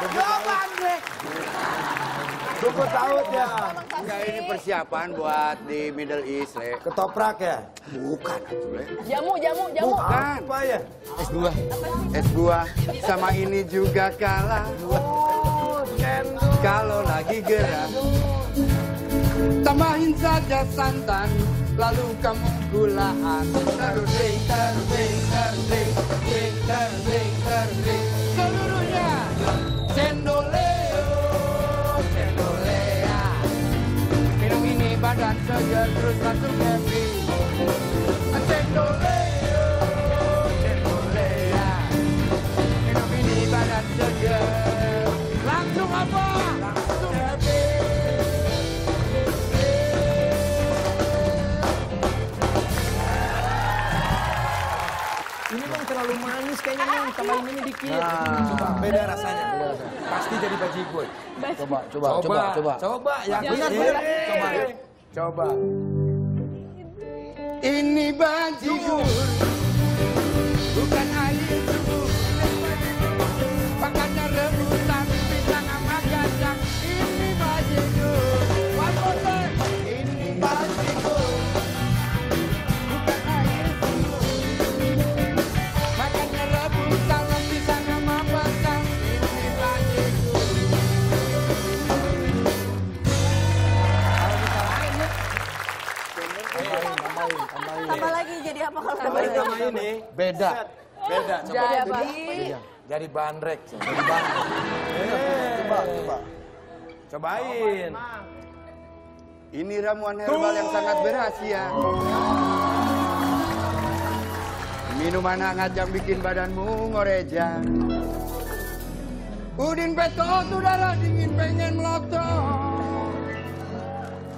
Jawaban gue. taut ya. Enggak ini persiapan buat di Middle East, Le. Ketoprak ya? Bukan, Le. Jamu, jamu, jamu. Bukan. Apa ya? Es buah. Es buah sama ini juga kalah. Oh, Kalau lagi gerah, Tambahin saja santan, lalu kamu gulaan. Terus, Coba, terus langsung coba, coba, coba, coba, ini badan coba, Langsung apa? Langsung coba, Ini coba, terlalu manis kayaknya coba, coba, coba, coba, coba, coba beda rasanya. coba, coba, Pasti jadi bajigur. Coba, coba, coba, coba. Coba, coba. ya. Eh, coba, coba, eh. Coba. Coba. Ini bajigur. tambahin, tambahin. Tambah lagi jadi apa kalau tambahin? Tambah ini. Beda. Beda. Coba jadi iya. jadi bandrek. Jadi bandrek. Coba, coba. Iya. Cobain. Ini ramuan herbal yang sangat berhasil. Ya. Minuman hangat yang bikin badanmu ngoreja. Udin betot udara dingin pengen melotot.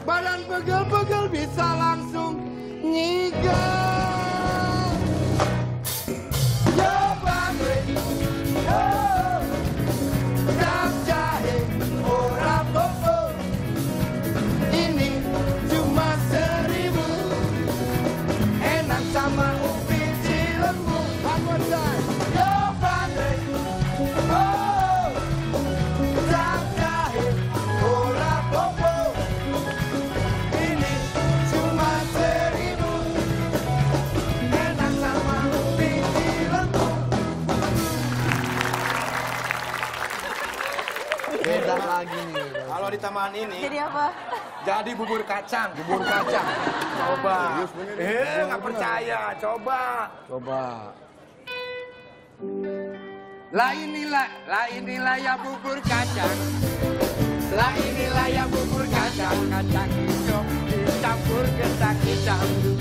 Badan pegel-pegel bisa langsung Nigga! di taman ini. Jadi apa? Jadi bubur kacang, bubur kacang. coba. Eh, nggak percaya. Coba. Coba. Lah inilah, lah inilah ya bubur kacang. Lah inilah ya bubur kacang, kacang hijau dicampur ketan hitam.